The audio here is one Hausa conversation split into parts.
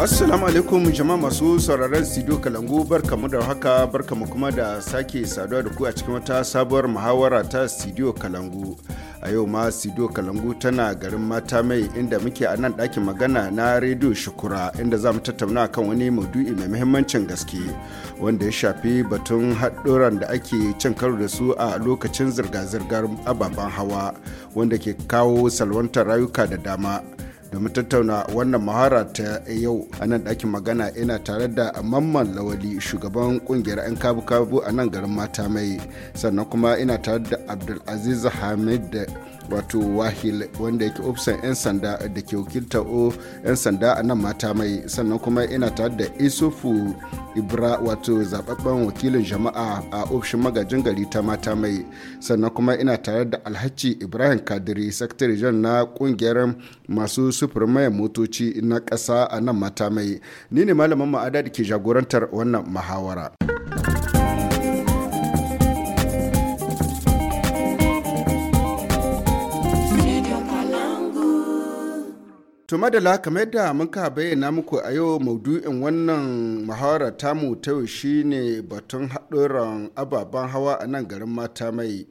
Assalamu alaikum jama'a masu sauraron studio Kalangu mu da haka mu kuma da sake saduwa da ku a cikin wata sabuwar muhawara ta studio Kalangu. A yau ma studio Kalangu tana garin mata mai inda muke a nan ɗakin magana na rediyo Shukura inda za mu tattauna kan wani maudu'i mai muhimmancin gaske wanda ya shafi batun haɗuran da ake cin karo da su a lokacin zirga-zirgar ababen hawa wanda ke kawo salwantar rayuka da dama. domin tattauna wannan mahara ta yau a nan ɗakin magana ina tare da mamman lawali shugaban kungiyar 'yan kabu-kabu a nan garin mata mai sannan kuma ina tare da abdulaziz hamid wato wahil wanda yake ofisan 'yan sanda da ke wakilta o 'yan sanda a nan mata mai sannan kuma ina tare da isufu ibra wato zababben wakilin jama'a a ofishin magajin gari ta mata mai sannan kuma ina tare da alhaji ibrahim kadiri sakatare jan na kungiyar masu sufurin motoci na kasa a nan mata mai ni ne malamin ma'ada da ke jagorantar wannan mahawara. To madala kamar yadda muka bayyana muku a yau maudu'in wannan muhawara tamu ta yau shine batun haɗuran ababen hawa a nan garin mata mai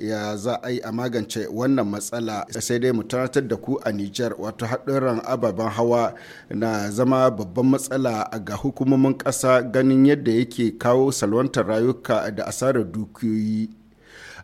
ya za a yi a magance wannan matsala sai dai mu tunatar da ku a Nijar wato haɗuran ababen hawa na zama babban matsala ga hukumomin ƙasa ganin yadda yake kawo salwantar rayuka da asarar dukiyoyi.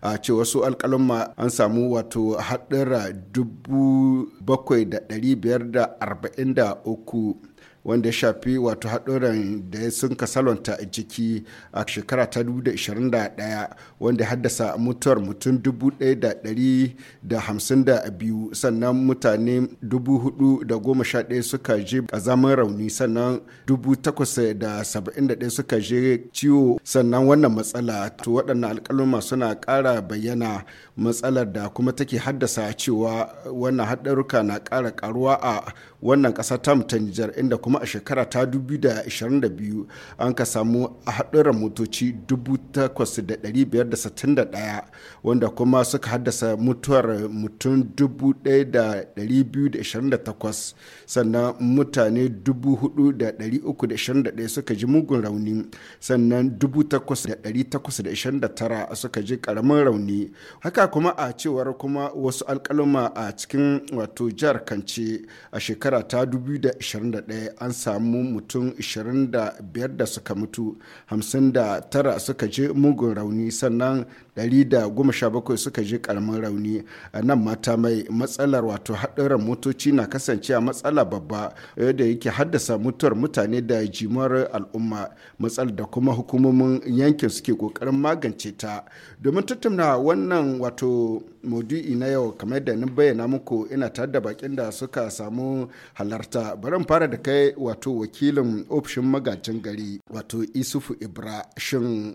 a ce wasu alkalumma an samu wato haɗura dubu bakwai da ɗari biyar da arba'in da uku wanda ya shafi wato haɗuran da sun kasalonta a ciki a shekara ta 2021 wanda haddasa mutuwar mutum 1,152 sannan mutane 4,011 suka je kazamin rauni sannan 871 suka je ciwo sannan wannan matsala to waɗannan alƙaluma suna ƙara bayyana matsalar da kuma take haddasa cewa wannan haɗaruka na ƙara ƙaruwa a wannan kasa ta ta Nijar inda kuma a shekara ta 2022 an ka samu a haɗuran motoci 8,561 wanda kuma suka haddasa mutuwar mutum 1,228 sannan mutane 4,321 suka ji mugun rauni sannan 8,829 suka ji karamin rauni haka kuma a cewar kuma wasu alƙaluma a cikin wato jihar kance a shekara shekara ta 2021 an samu mutum 25 da suka mutu 59 suka je mugun rauni sannan 117 suka je karamin rauni a nan mata mai matsalar wato haɗarin motoci na kasance a matsala babba eh, da yake haddasa mutuwar mutane da jimar al'umma matsalar da kuma hukumomin yankin suke kokarin magance ta domin tattauna wannan wato maudu'i na yau kamar da ni bayyana muku ina tare da bakin da suka samu halarta bari fara da kai wato wakilin ofishin magajin gari wato isufu ibrahim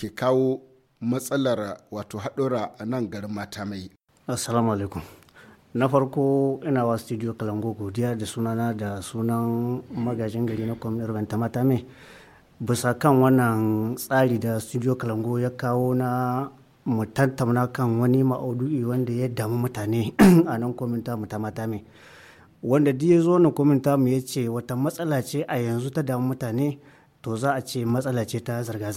ke kawo matsalar wato haɗura a nan garin mata mai assalamu alaikum na farko ina wa studio kalango godiya da sunana da sunan magajin gari na kwamnar banta mata mai bisa kan wannan tsari da studio kalango ya kawo na mu tattauna kan wani ma'audu'i wanda ya damu mutane a nan kominta mu ta mata mai wanda duk ya zo na kominta mu ya ce wata matsala ce a yanzu ta damu mutane to za a ce matsala ce ta zarga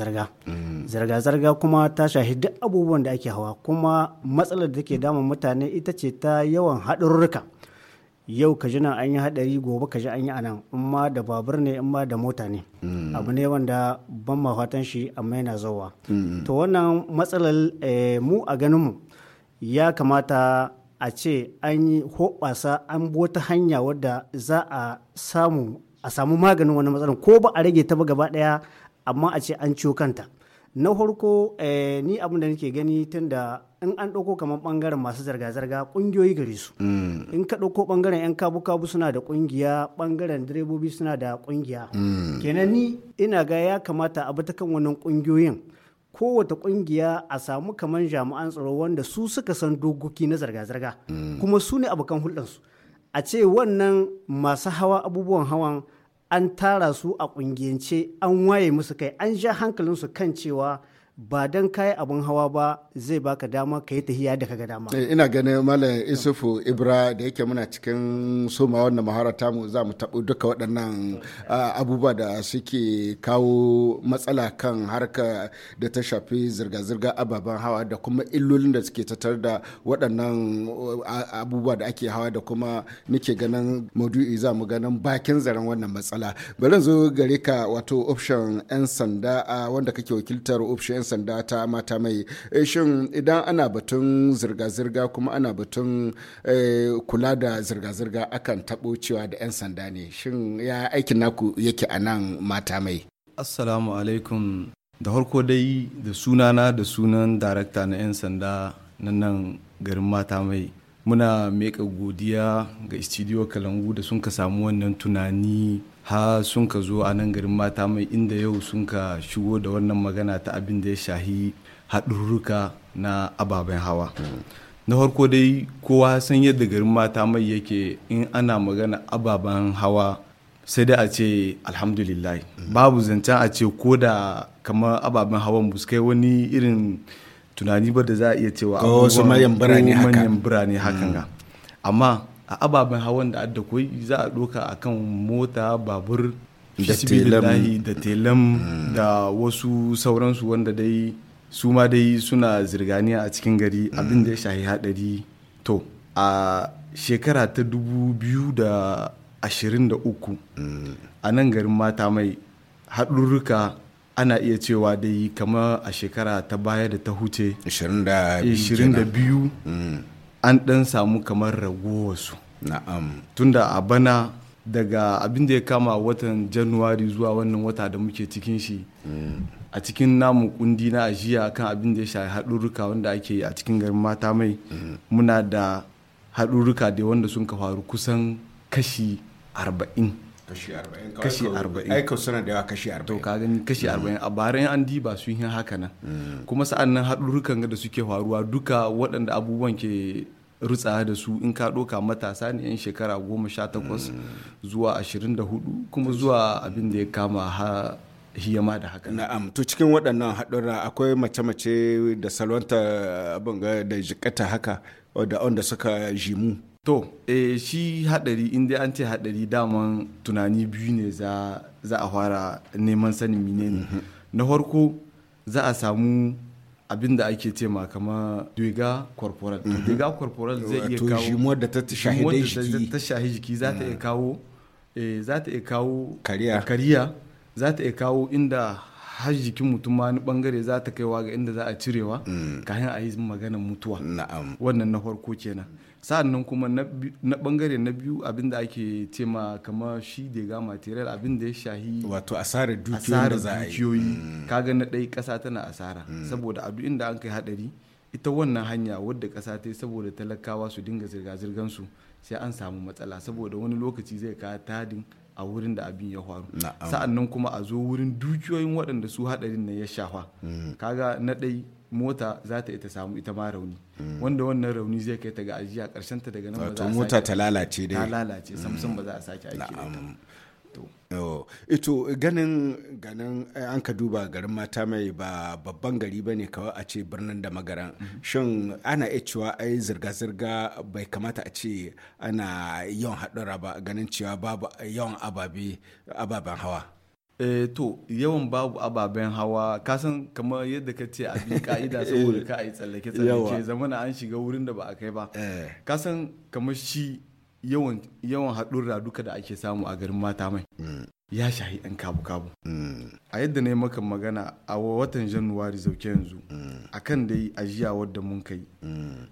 mm. zarga zarga zarga kuma ta shahi duk abubuwan da ake hawa kuma matsalar da take damun mutane ita ce ta yawan haɗururruka yau ka ji nan an yi hadari gobe ka ji an yi anan in ma da babur ne in ma da mota ne mm. abu ne wanda ban ma fatan shi amma yana zauwa mm. to wannan matsalar eh, mu a ganin mu ya kamata a ce an yi hoɓasa an bota hanya wadda za a samu a samu maganin wani matsalar ko ba a rage ta ba gaba daya amma a ce an ciwo kanta na farko eh, ni abin da nake gani tun da in an ɗauko kamar ɓangaren masu zarga-zarga ƙungiyoyi gare su mm. in ka ɗauko ɓangaren 'yan kabu-kabu suna da ƙungiya ɓangaren direbobi suna da ƙungiya mm. kenan ni ina ga ya kamata a bi ta kan wannan ƙungiyoyin kowace ƙungiya a samu kamar jami'an tsaro wanda su suka san dokoki na zarga-zarga mm. kuma su ne abokan hulɗarsu a ce wannan masu hawa abubuwan hawan an tara su a ƙungiyance an waye musu kai an ja hankalinsu kan cewa ba don kayi abin hawa ba zai baka dama ka yi tahiya da kaga dama. Eh, ina ganin malam isufu ibra da yake muna cikin soma wannan mahara tamu za mu tabo duka waɗannan ah, abubuwa da suke kawo matsala kan harka da ta shafi zirga-zirga ababen hawa da kuma illolin da suke tatar da waɗannan ah, abubuwa da ake hawa da kuma nake ganin maudu'i za mu ganin bakin zaren wannan matsala bari zo gare ka wato option 'yan sanda ah, wanda kake wakiltar option sanda ta mata mai eh, shin idan ana batun zirga-zirga kuma ana batun eh, kula da zirga-zirga akan taɓo cewa da 'yan sanda ne shin ya aikin naku yake a nan mata mai assalamu alaikum da harko dai da sunana da sunan darakta na 'yan sanda na nan garin mata mai muna meka godiya ga studio kalangu da sun ka samu wannan tunani ha sun ka zo a nan garin mata mai inda yau sun ka shigo da wannan magana ta abin da ya shahi haɗururruka na ababen hawa na farko dai kowa san yadda garin mata mai yake in ana magana ababen hawa sai dai a ce alhamdulillah babu zancen a ce ko da kamar ababen hawan buskai wani irin tunani ba da za a iya cewa ko manyan birane hakan mm. ga amma a ababen hawan da adda koi za a ɗoka a kan mota babur da telam mm. da wasu sauransu wanda dai su ma dai suna zirganiya a cikin gari mm. abin da ya shahi haɗari to a shekara ta 2023 mm. a nan garin mata mai haɗurruka ana iya cewa dai kama a shekara ta baya da ta huce 22 an ɗan samu kamar ragowarsu na'am tunda a bana daga abin da ya kama watan januwari zuwa wannan wata da muke cikin shi mm. a cikin namu kundi na ajiya kan abin da ya shafi haɗurruka wanda ake yi a cikin garin mata mai mm. muna da haɗurruka da wanda sun faru kusan kashi arba'in kashi arba'in ai da yawa kashi arba'in to ka gani kashi mm. arba'in a bara an diba sun yi haka nan kuma sa'an nan haɗurrukan da suke faruwa duka waɗanda abubuwan ke rutsa da su in ka ɗoka matasa ne 'yan shekara goma sha takwas zuwa ashirin da hudu kuma zuwa abin da ya kama ha hiyama da haka na'am to cikin waɗannan haɗura akwai mace-mace da salwanta abin da jikata haka da wanda suka jimu to eh, shi haɗari inda an ce haɗari daman tunani biyu ne za, a fara neman sanin menene mm na farko za a samu abin da ake tema kama duiga corporal mhm. duiga corporal zai iya kawo jimuwar da ta shahi jiki za ta iya ah. kawo eh, za ta iya kawo kariya za ta iya kawo inda har jikin mutum ma wani bangare za ta kaiwa ga inda za a cirewa mm. kafin a yi maganar mutuwa wannan na farko kenan sa'annan kuma na bangare na biyu abinda ake ce ma kamar shi ga material abinda ya shahi wato asara dukiyoyi mm. kaga na ɗai ƙasa tana asara mm. saboda a duk inda an kai hadari ita wannan hanya wadda ƙasa ta yi saboda talakawa su dinga zirga-zirgansu sai an samu matsala saboda wani lokaci zai kawo tadin a wurin da abin ya faru sa'an nan kuma a zo wurin dukiyoyin waɗanda su haɗarin na ya shafa mm. kaga na ɗai mota za ta ita samu ita ma rauni mm. wanda wannan rauni zai kai ta ga ajiya karshen ta daga nan ba za a mota ta lalace dai ta lalace ba za a sake aiki Oh. ito ganin ganin eh, an ka duba garin mata mai ba babban gari ba ne kawai a ce birnin da magaran mhm. shin ana iya cewa ai zirga-zirga bai kamata a ce ana yawan haɗura ba ganin cewa babu yawan ababe ababen hawa eh to yawan babu ababen hawa kasan kamar yadda ka ce a bi ka'ida saboda eh. ka a yi tsallake-tsallake zamana an shiga wurin da ba a kai ba eh. kasan kamar shi yawan yawan haɗurra duka da ake samu a garin mata mai mm. ya shahi ɗan kabu kabu mm. a yadda na yi maka magana a watan januwari zauke yanzu mm. akan dai ajiya wadda mun kai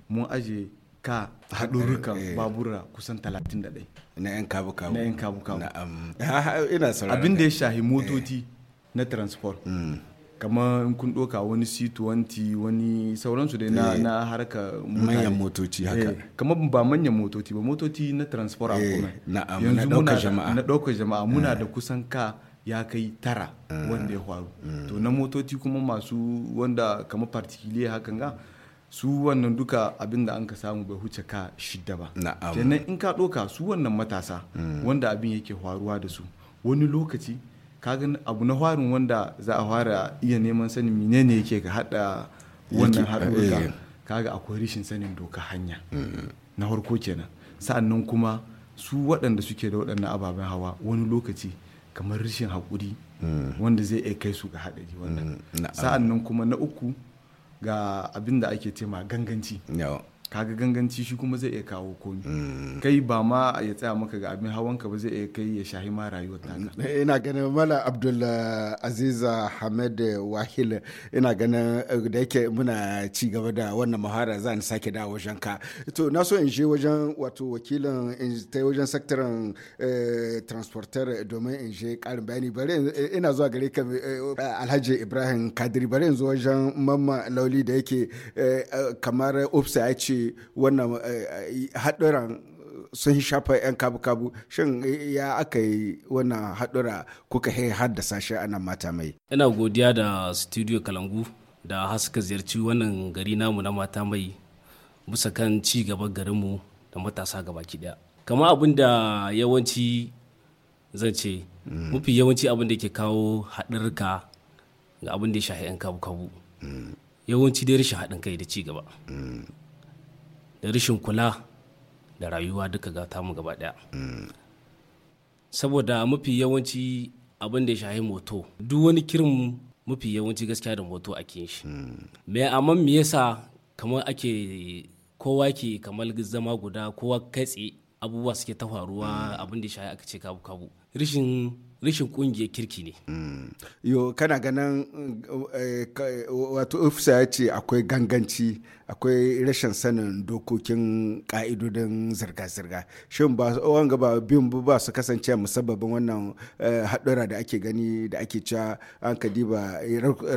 mun aje ka haɗurrukan eh. babura kusan 31 na 'yan kabu-kabu na 'yan kabu-kabu abin da ya shahi motoci eh. na transport kamar in kun doka wani c20 wani sauransu dai na, eh, na harka manyan motoci haka eh, kamar ba manyan motoci ba motoci na transport a eh, kuma yanzu muna jama'a na ɗaukar jama'a muna eh. da kusan ka ya kai tara wanda ya faru mm. to na motoci kuma masu wanda kamar particular hakan ga su wannan duka abin da an ka samu bai huce ka shida ba na'am in ka doka su wannan matasa mm. wanda abin yake faruwa da su wani lokaci kagan abu na farin wanda za a fara iya neman sanin menene yake ka hada wannan haɗuwarka eh. kaga akwai rishin sanin doka hanya mm-hmm. na harko kenan sa'annan kuma su waɗanda suke da waɗannan ababen hawa wani lokaci kamar rishin haƙuri mm. wanda zai iya kai su ga haɗari wannan mm, sa'annan kuma na uku ga abin da ake tema ganganci kaga ganganci shi kuma zai iya kawo komi mm. kai ba ma ya tsaya maka ga abin hawan ka ba zai iya kai ya shahi ma rayuwar mm. taka eh, ina ganin mala abdul eh, aziza eh, hamed wahil ina ganin da yake muna ci gaba da wannan muhara zan sake da wajen ka to na so in je wajen wato wakilin in ta wajen sektoran transporter domin in je karin bayani bare ina zuwa gare ka alhaji ibrahim kadiri bare in zo wajen mamma lauli da yake kamar ofsa ya ce wannan eh, eh, haɗuran sun shafa 'yan kabu-kabu shin eh, ya aka yi wannan haɗura kuka haddasa shi ana mata mai ina godiya da studio kalangu da haska ziyarci wannan gari namu na mata mai bisa kan ci gaba garinmu da matasa gabaki daya kama abin da yawanci zan ce mm. mafi yawanci abin da ke kawo haɗarka ga abin da ya shahi 'yan kabu-kabu mm. yawanci ya rashin haɗin kai da ci gaba mm. da rashin kula da rayuwa duka ga tamu gaba daya saboda mafi yawanci abin da ya shahi moto duk wani kirin mafi yawanci gaskiya da moto ake shi me amma me yasa kamar ake kowa ke kamar zama guda kowa katse abubuwa suke ta faruwa abin da ya shahi aka ce kabu kabu rishin rishin kungiyar kirki ne. Mm. Yo kana ganin eh, wato ofisa ya ce akwai ganganci akwai rashin sanin dokokin ka'idodin zirga-zirga shin ba wanga ba bin ba su kasance musabbabin wannan eh, haɗura da ake gani da ake cewa an ka diba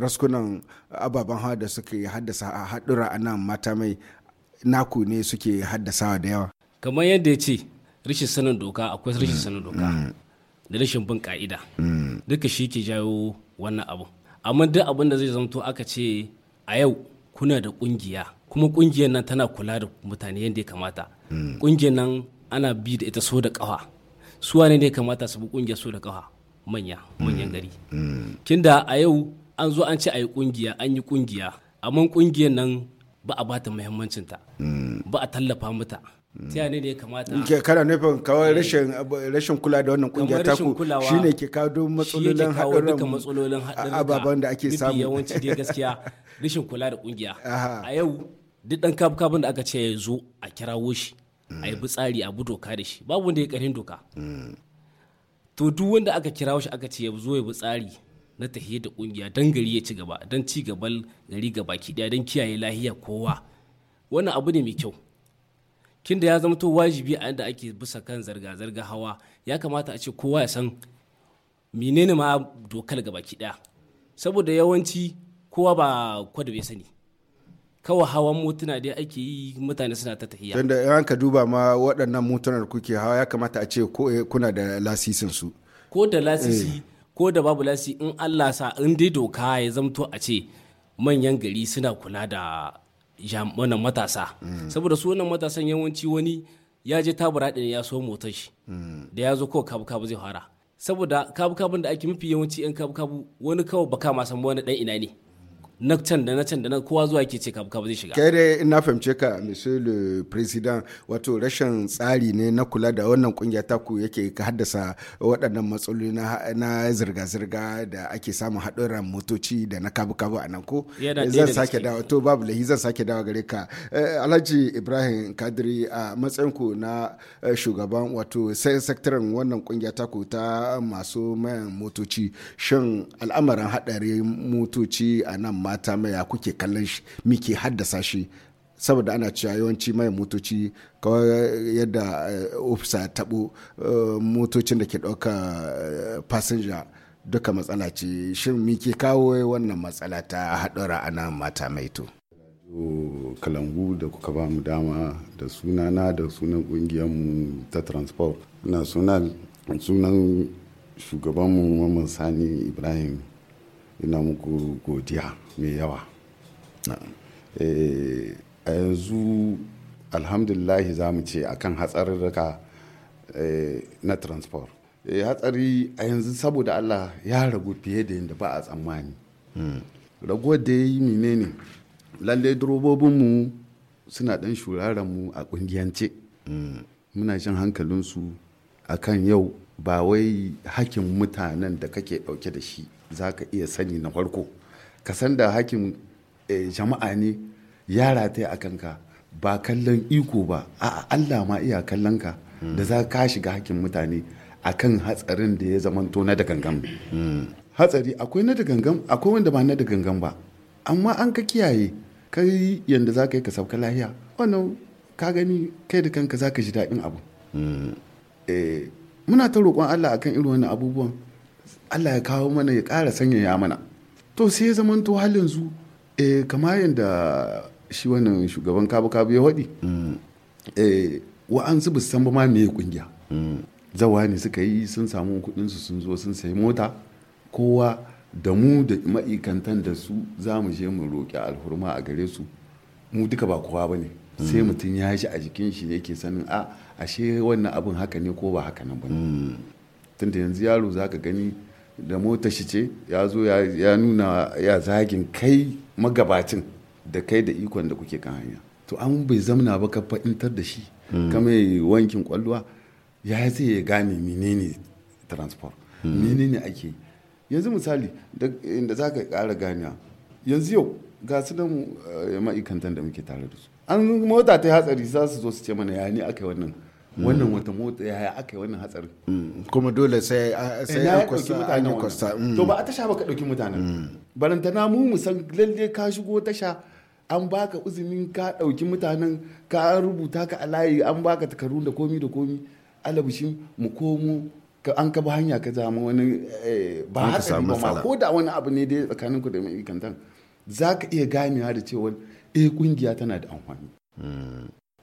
raskunan ababen hawa da suke haddasa haɗura a nan mata mai naku ne suke haddasawa da yawa. kamar yadda ya ce rashin sanin doka akwai rashin sanin doka. Mm. da rashin bin ka'ida hmm. duka shi ke jawo wannan abu amma duk abin da zai zamto aka ce a yau kuna da kungiya kuma kungiyar nan tana kula da mutane yadda ya kamata kungiyar hmm. nan ana bi da ita so da kawa su ne ya kamata su bi kungiyar so da kawa manya hmm. manyan gari da a yau an zo an ce a yi kungiya an yi kungiya amma kungiyar nan ba a bata muhimmancinta ba a tallafa mata ta ne da ya kamata ke kana nufin kawai rashin rashin kula da wannan kungiya ta ku shine ke kawo duk matsalolin haɗarin matsalolin haɗarin ababen da ake samu yawanci dai gaskiya rashin kula da kungiya a yau duk dan kabun da aka ce ya zo a kirawo shi a yi tsari a bi doka da shi babu wanda ya karin doka to duk wanda aka kirawo shi aka ce ya zo ya bi tsari na tahiyar da kungiya don gari ya ci gaba don ci gaban gari gaba ki daya don kiyaye lahiya kowa wannan abu ne mai kyau kin da ya zama to wajibi a inda ake bisa kan zarga-zarga hawa ya kamata a ce kowa ya san menene ma dokar gaba ki daya saboda yawanci kowa ba kwada bai sani kawai hawan motuna dai ake yi mutane suna ta tafiya tunda in ka duba ma waɗannan motunan kuke hawa ya kamata a ce eh, kuna da lasisin su ko da lasisi eh. ko da babu lasisi in Allah sa in dai doka ya zamto a ce manyan gari suna kula da wannan matasa saboda su wannan matasan yawanci wani ya je tabura ɗin ya so motar shi da ya zo ko kabu kabu zai fara saboda kabu kabun da ake mafi yawanci yan kabu kabu wani kawai baka ma san wani dan ina ne na can da na can da na kowa zuwa ke ce kabu zai shiga kai dai na fahimce ka monsieur le president wato rashin tsari ne na kula da wannan kungiya ta ku yake haddasa waɗannan matsaloli na zirga zirga da ake samun haɗuran motoci da na kabu kabu a nan ko zan sake dawo to babu lahi zan sake dawo gare ka eh, alhaji ibrahim kadiri a matsayin ku na eh, shugaban wato sai sektaran wannan kungiya ta ku ta masu mayan motoci shin al'amarin haɗarin motoci a nan mata mai ya kuke kallon shi muke haddasa shi saboda ana cewa yawanci mai motoci kawai yadda eh, ofisa taɓo eh, motocin da ke ɗauka eh, fasinja duka matsala ce shin mi ke kawo wannan matsala ta haɗura ana mata mai to kalangu da kuka ba mu dama da sunana da sunan mu ta transport national sunan shugabanmu mamman sani ibrahim ina muku godiya mai yawa eh, a yanzu alhamdulillahi za mu ce akan hatsarurruka eh, na transport eh, hatsari a yanzu saboda allah ya ragu fiye da yadda ba a tsammani hmm. raguwar da ya yi menene lallai durobobinmu suna ɗan mu a ƙungiyance hmm. muna shan hankalinsu a kan yau ba wai hakin mutanen da kake ɗauke da shi za ka iya sani na farko ka san da hakin eh, jama'a ne ya ta a kanka ba kallon iko ba a Allah ma iya kallon ka hmm. da za ka shiga hakin mutane a kan hatsarin da ya zamanto na da gangan hmm. hatsari akwai na da gangan akwai wanda ba na da gangan ba amma an ka kiyaye kai yanda za ka yi ka sauka lahiya wannan ka gani kai da kanka za ka ji daɗin abu hmm. eh, muna ta roƙon Allah akan irin wannan abubuwan Allah ya kawo mana ya ƙara sanyaya mana to sai ya zama to su. yanzu eh kamar yadda shi wannan shugaban kabu kabu ya waɗi mm. eh an ba san ba ma me kungiya mm. zawa ne suka yi sun samu kuɗin su sun zo sun sayi mota kowa da mu da ma'aikantan da su za mu je mu roƙi alhurma a gare su mu duka ba kowa ba ne mm. sai mutum ya shi a jikin shi yake sanin a ah, ashe wannan abin haka ne ko ba haka nan ba ne tunda yanzu yaro zaka gani da mota shi ce ya zo ya nuna ya zagin kai magabacin da kai da ikon da kuke kan hanya to an bai zamna ba ka fa'intar da shi hmm. kama wankin kwallowa ya zai ya gane menene transport hmm. menene ake yanzu misali inda za ka kara ganewa yanzu yau ga su nan eh, ma'aikantan da muke tare da su an mota ta hatsari za su zo su ce mana ya ne aka yi wannan Mm. wannan wata mota ya aka yi wannan hatsari. Mm. kuma dole sai eh, sai an kwasta an yi kwasta mm. to ba a tasha ba ka dauki mutanen barantana mu mu san lalle ka shigo tasha an baka uzumin ka dauki mutanen ka rubuta ka a layi an baka takardu da komi da komi alabushin mu komo an ka ba hanya ka zama wani eh, ba haka ba ma ko da wani abu ne dai tsakanin ku da mai kantan za ka iya ganewa da cewa eh kungiya tana da amfani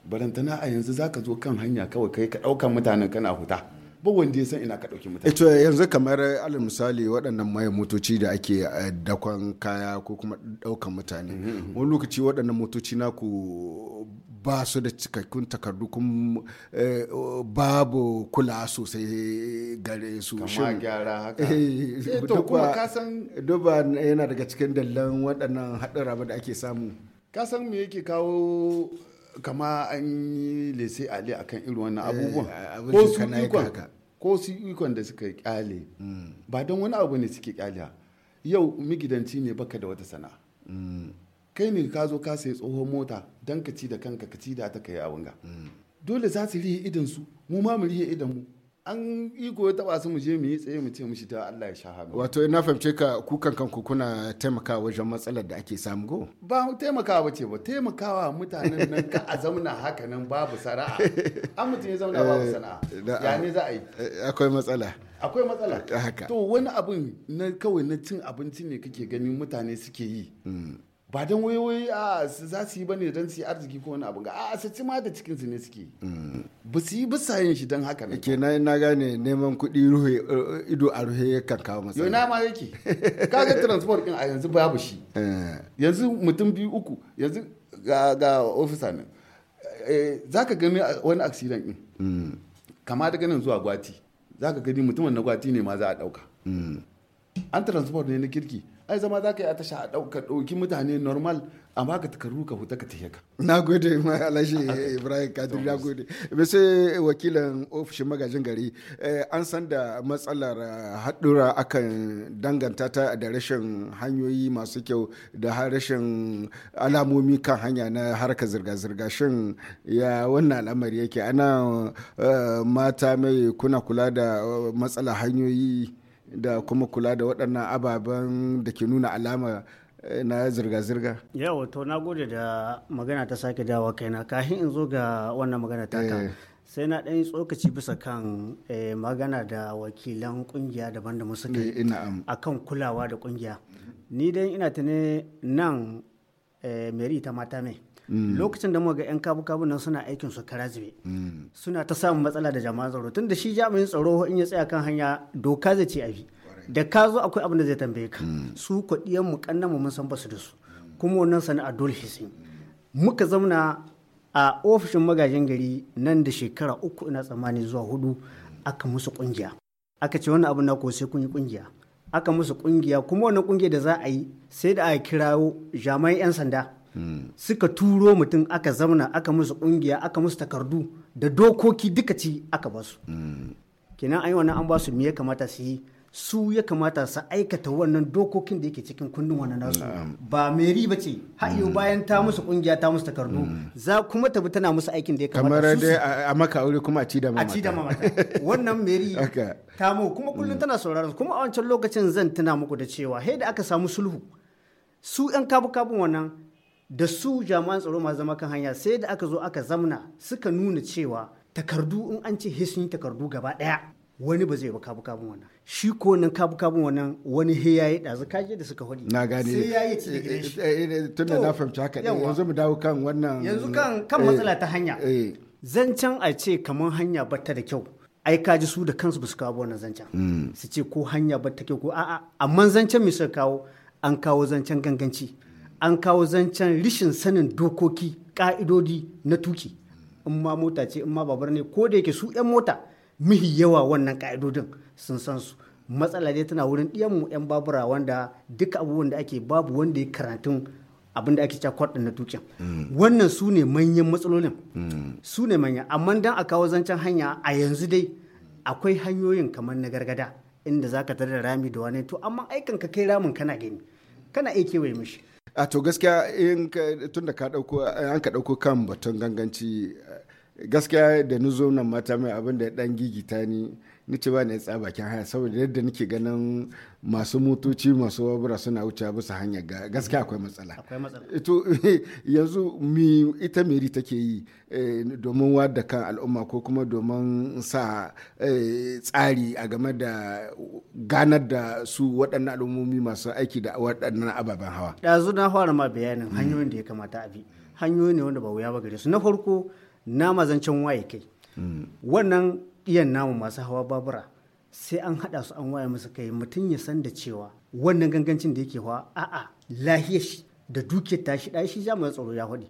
barantana a yanzu za ka zo kan hanya kawai kai ka ɗaukan mutanen kana huta ba wanda ya san ina ka ɗauki mutane. Ito yanzu kamar alal misali waɗannan maye motoci da ake eh, dakon kaya ko kuma ɗaukan mutane. Mm-hmm, mm-hmm. Wani lokaci waɗannan motoci naku ba su da cikakkun takardu kun eh, babu kula sosai gare su. Kama gyara haka. Eh, to kuma kasan. Duba yana daga cikin dallan waɗannan haɗin da ake samu. ka san me yake kawo kama an yi lese ali akan irin wannan eh, abubuwan ko su ikon ko su ikon da suka kyale hmm. ba don wani abu ne suke kyale yau migidanci ne baka da wata sana'a hmm. kai ne ka zo ka sayi tsohon mota don ka ci da kanka ka ci da ta kai a wanga hmm. dole za su rihe idan su mu ma mu rihe idan mu an iko ya taba su mu je mu yi tsaye mu ce mu shi ta Allah ya sha hannu wato ina fahimce ka ku kankan ku kuna taimakawa wajen matsalar da ake samu go ba taimakawa ce ba taimakawa mutanen nan ka a zauna haka nan babu sana'a an mutum ya zauna babu eh, sana'a ya ne za a yi eh, akwai matsala akwai matsala to wani abun na kawai na cin abinci ne kake ganin mutane suke yi hmm. ba don wayoyi a za su yi ba ne don su yi arziki ko wani abu ga a su ma da cikin su ne suke ba su yi bisa yin shi don haka ne ke na na gane neman kuɗi ruhe eh, ido a ruhe ya kan kawo yau na ma yake kaga transport din a yanzu babu shi eh. yanzu mutum biyu uku yanzu ga ofisa ne eh, za ka gani wani accident din mm. kama daga nan zuwa gwati za ka gani mutumin na gwati ne ma za a ɗauka mm. an transport ne na kirki ai zama za ka yi a a ɗauka ɗauki mutane normal amma ka takaru ka huta ka tafiya ka. na gode ma alashi ibrahim kadir na gode bisa wakilan ofishin magajin gari eh, an san da matsalar eh, haɗura akan danganta ta da rashin hanyoyi masu kyau da rashin alamomi kan hanya na harkar zirga-zirga shin ya wannan al'amari yake ana eh, mata mai kuna kula da matsalar hanyoyi da kuma kula da waɗannan ababen da ke nuna alama eh, na zirga-zirga. Ya wato na gode da magana ta sake dawa kaina kafin in zo ga wannan magana ta eh. Sai na ɗan tsokaci bisa kan eh, magana da wakilan ƙungiya daban da musu a kan kulawa da ƙungiya. Ni dai ina tuni nan meri ta mata mai. lokacin da muka ga yan kabu kabu nan suna aikin su karazube suna ta samun matsala da jama'a tsaro da shi jami'in tsaro in ya tsaya kan hanya doka zai ce abi da ka zo akwai abin da zai tambaye ka su kuɗiyan mu kannan mu mun san basu da su kuma wannan sana'a dole shi hisin muka zauna a ofishin magajin gari nan da shekara uku ina tsammani zuwa hudu aka musu kungiya aka ce wannan abu na ko sai kun yi kungiya aka musu kungiya kuma wannan kungiya da za a yi sai da a kirawo jami'an 'yan sanda suka turo mutum aka zauna aka musu kungiya aka musu takardu da dokoki duka ci aka ba su kenan ayi wannan an ba me ya kamata su yi su ya kamata su aikata wannan dokokin da yake cikin kundin wannan nasu ba meri ba ce ha'iyo bayan ta musu kungiya ta musu takardu mm. za kuma tabi tana musu aikin da ya kamata kamar dai a maka aure kuma a ci da mamata wannan meri ta mu kuma kullum mm. tana sauraron kuma a wancan lokacin zan tuna muku da cewa da aka samu sulhu su yan kabu kabun wannan da su jami'an tsaro ma zama kan hanya sai da aka zo aka zamna suka nuna cewa takardu in an ce sun yi takardu gaba daya wani ba zai ba kabu kabu wannan shi ko nan kabu kabu wannan wani he yayi dazu kaje da suka hodi na gane sai yayi ci da shi eh, eh, eh, tunda na fahimci haka yanzu mu dawo kan wannan yanzu kan kan matsala ta hanya zancen a ce kaman hanya batta da kyau ai ka ji su da kansu ba su kawo wannan zancen hmm. su ce ko hanya batta kyau ko a'a amma zancen me suka kawo an kawo zancen ganganci an kawo zancen rishin sanin dokoki ka'idodi na tuki in ma mota ce in ma babur ne ko da yake su 'yan mota mihi yawa wannan ka'idodin sun san su matsala dai tana wurin mu 'yan babura wanda duka abubuwan da ake babu wanda ya karantun abin da ake cakwa na tukin mm. wannan su ne manyan matsalolin mm. su ne manyan amma dan a kawo zancen hanya a yanzu dai akwai hanyoyin kamar na gargada inda zaka tare da rami da wani to amma aikan ka kai ramin kana gani kana iya kewaye mishi a to gaskiya in tun da ka dauko an ka dauko kan batun ganganci gaskiya da nuzo nan mata mai abin da dan gigita ni ni ce ba ni tsaya bakin haya saboda yadda nake ganin masu motoci masu wabura suna wuce bisa hanyar gaskiya akwai matsala ito eh, yanzu mi ita meri take yi eh, domin wadda kan al'umma ko kuma domin sa eh, tsari a game da ganar da su waɗannan al'ummomi masu aiki da waɗannan ababen hawa yanzu na fara ma bayanin hanyoyin da ya kamata a bi hanyoyi ne wanda ba wuya ba gare su na farko na mazancin waye kai mm. wannan iyan namu masu hawa babura sai an haɗa su an waya musu kai mutum ya san da cewa wannan gangancin da yake hawa a'a lahiyar shi da dukiyar tashi ɗaya shi jami'an tsaro ya hudi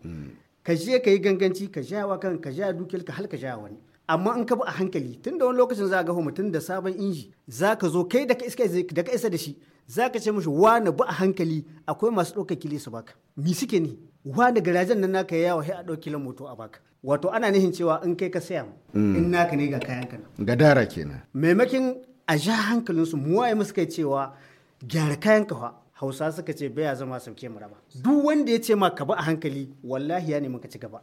ka je ka yi ganganci ka ja wa kan ka ja dukiyar ka har ka wani amma in ka bi a hankali tun da wani lokacin za ga mutum da sabon inji za ka zo kai da ka isa da shi za ka ce mishi wani bi a hankali akwai masu ɗaukar kile baka mi suke ne wani garajen nan naka yawa sai a ɗauki moto a baka wato ana nihin cewa in kai ka saya mm. in naka ne ga kayan kana gadara kenan maimakin a ja hankalinsu mu waye muka cewa gyara kayan ka fa hausa suka ce baya zama sauke mu raba duk wanda ya ce ma ka bi a hankali wallahi ya nemi ka ci gaba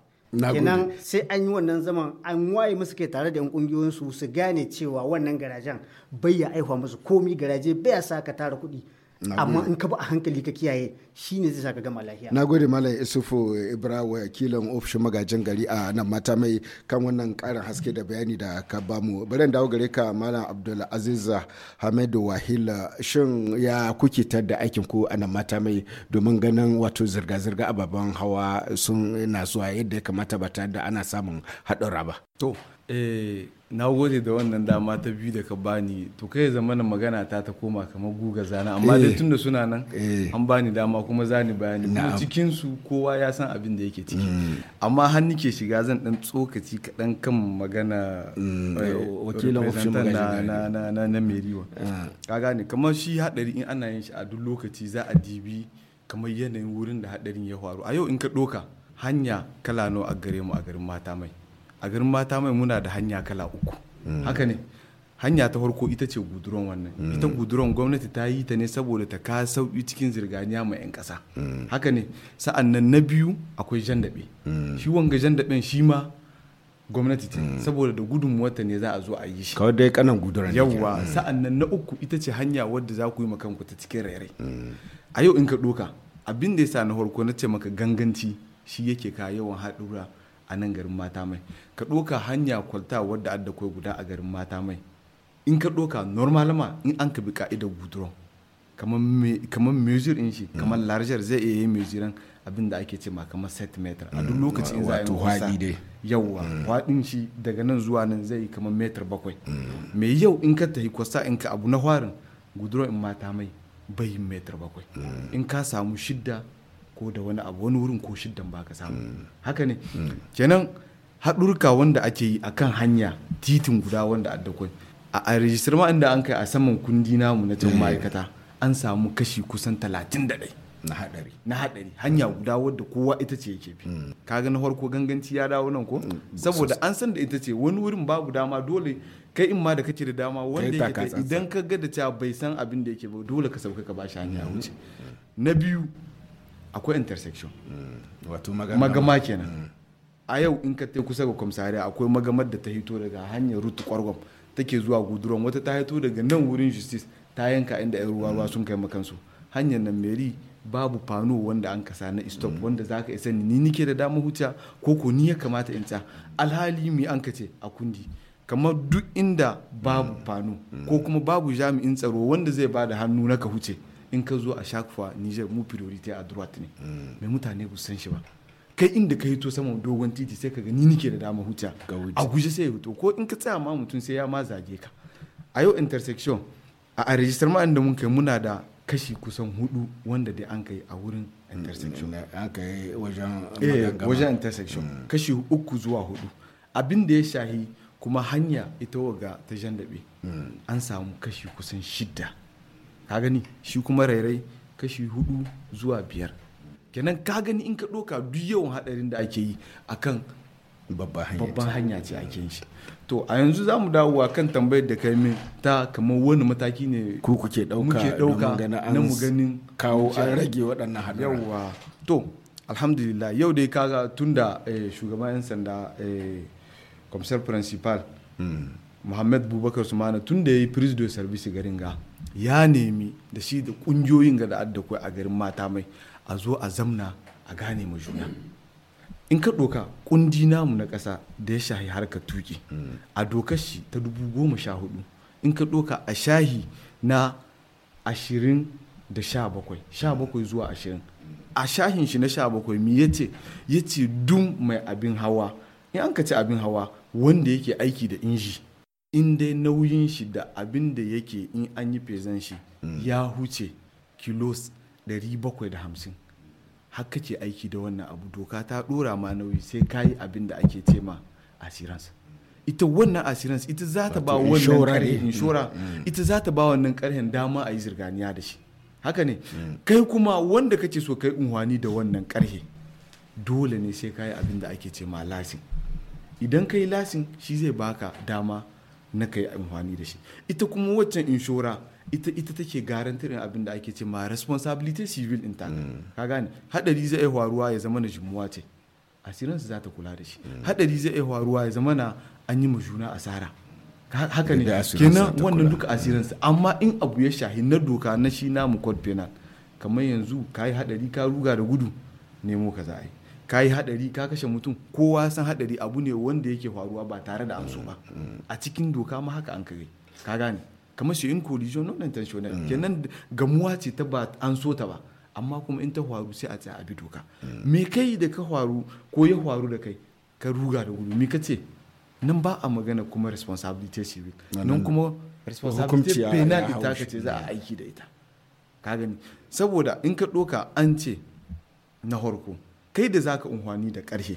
kenan sai an yi wannan zaman an waye musu kai tare da yan kungiyoyin su su gane cewa wannan garajen bai ya aihwa musu komi garaje bai ya sa ka tara kuɗi amma in ka bi a hankali ka kiyaye shi ne zai sa ka gama lafiya na gode malam isufu ibra wakilin ofishin magajin gari a nan mata mai kan wannan karin haske da bayani da ka ba mu bari dawo gare ka malam abdul aziza hamidu wahila shin ya kuke tar da aikin ku a nan mata mai domin ganin wato zirga-zirga ababen hawa sun na zuwa yadda ya kamata ba tare da ana samun haɗura ba to eh, na gode da wannan dama ta biyu da ka bani to kai zama na magana ta ta koma kamar guga zana amma dai eh. tun da suna nan eh. an bani dama kuma zani bayani kuma cikin kowa ya san abin da yake ciki mm. amma hannu ke shiga zan dan tsokaci kaɗan kan magana mm. eh, wakilan na na meriwa ah. ka gane kamar shi hadari in ana yin shi a duk lokaci za a dibi kamar yanayin wurin da hadarin ya faru a yau in ka ɗoka hanya kala nawa a gare mu a garin mata mai a garin mata mai muna da hanya kala uku mm. haka ne hanya ta farko ita ce guduron wannan mm. ita guduron gwamnati ta yi ta ne saboda ta ka sauki cikin zirganiya mai 'yan ƙasa mm. haka ne sa'an nan na biyu akwai jandabe shi wanga jandaben shi ma gwamnati ce saboda da gudunmuwarta ne za a zo a yi shi kawai dai kanan guduran yawwa sa'an nan na uku ita ce hanya wadda za ku yi kanku ta cikin rairai a yau in ka doka abin da ya sa na farko na ce maka ganganci shi yake ka yawan haɗura a nan garin mata mai ka ɗoka hanya kwalta wadda adda kwai guda a garin mata mai in ka ɗoka normal in an ka bi ka'idar gudron kamar mejir in shi kamar mm. larger zai iya yi mejiran abin da ake ce ma kamar set meter a duk mm. lokacin za a yi wasa yawwa faɗin mm. shi daga nan zuwa nan zai yi kamar meter bakwai mai yau in ka tafi kwasa in ka abu na warin gudron in mata mai bayin meter bakwai in ka samu shidda ko da wani abu wani wurin ko shiddan ba ka samu mm. haka ne mm. kenan haɗurka wanda ake yi akan hanya titin guda wanda addakwai a rijistar ma inda an kai a saman kundi namu na can eh. ma'aikata an samu kashi kusan talatin da ɗai na haɗari na haɗari hanya guda wadda kowa ita ce yake bi mm. kaga na farko ganganci ya dawo nan ko saboda an san da ita ce wani wurin babu dama dole kai in ma da kake da dama wanda yake idan ka ga da cewa bai san abin da yake ba dole ka sauka ka bashi hanya wuce na biyu akwai intersection mm. wato magama kenan a yau in ka tai kusa ga kwamsariya akwai magamar da ta hito daga hanyar rutu kwargwam take zuwa guduran wata ta hito daga nan wurin justice ta yanka inda yan ruwa ruwa mm. sun kai makansu hanyar nan meri babu fano wanda an kasa na stop mm. wanda zaka isa ni ni nike da dama huta ko ko ni ya kamata in ta alhali mi an kace a kundi kamar duk inda babu fano ko kuma babu jami'in tsaro wanda zai bada hannu na ka huce in ka zo a shakfa niger mu priority a droite ne mm. mai mutane ku san shi ba kai inda ka hito saman dogon titi sai ka gani ni nike da dama huta a guje sai ya hito ko in ka tsaya ma mutum sai ya ma zage ka a yau intersection a rajistar ma'an da mun kai muna da kashi kusan hudu wanda dai an kai a wurin intersection mm, mm, eh, wajen intersection kashi uku zuwa hudu abin da ya shahi kuma hanya ita waga ta jandabe an samu kashi kusan shidda ka gani shi kuma rairai kashi hudu zuwa biyar kenan ka gani in ka ɗoka duk yawan hadarin da ake yi akan babban hanya ce ake yin to a yanzu za mu a kan tambayar da kai min ta kamar wani mataki ne ku kuke ɗauka na mu ganin kawo an rage waɗannan hadarin to alhamdulillah yau dai kaga tun da eh, shugaban 'yan sanda eh, commissaire principal muhammad hmm. bubakar sumana tun da ya yi prisdo service garin ga ya nemi da shi da kungiyoyin ga da addakwai a garin mata mai a zo a zamna a gane ma juna in ka doka kundi namu na ƙasa da ya shahi harkar tuki a dokar shi ta dubu goma sha hudu in ka doka a shahi na ashirin da sha bakwai sha bakwai zuwa ashirin a shahin shi na sha bakwai mi ya ce ya ce dun mai abin hawa in an ka ci abin hawa wanda yake aiki da inji in dai nauyin shi da abin da yake in an yi fezan shi hmm. ya huce kilos 750 haka ke aiki da wannan abu doka ta dora ma nauyi sai ka yi abin da ake ce ma assurance ita wannan assurance ita za ta ba wannan karhen hmm. hmm. ita za ta ba wannan karhen dama a yi zirganiya da shi haka ne kai kuma wanda kace so kai unhwani da wannan karhe dole ne sai ka yi abin da ake ce ma lasin idan ka yi lasin shi zai baka dama na kai amfani da shi ita kuma waccan inshora ita ita take garantirin abin da ake ce ma responsibility civil in mm. ka gane hadari zai faruwa ya zama na jimuwa ce asirin su za ta kula da shi mm. hadari zai faruwa ya zama na an yi ma asara haka ne kenan wannan duka asirin su amma in abu ya shahi na doka na shi mu code penal kamar yanzu ka yi hadari ka ruga da gudu nemo ka za a ka yi hadari ka kashe mutum kowa san hadari abu ne wanda yake faruwa ba tare da amso ba mm, mm, mm. a cikin doka ma haka an kare ka gane kamar shi in collision non intentional kenan gamuwa ce ta ba an so ta ba amma kuma in ta faru sai a tsaya a bi doka me kai da ka faru ko ya faru da kai ka ruga da gudu me kace nan ba a magana kuma responsibility civic nan kuma responsibility penal ita ka za a aiki da ita ka gani saboda in ka doka an ce na harko kai da zaka unhwani da karshe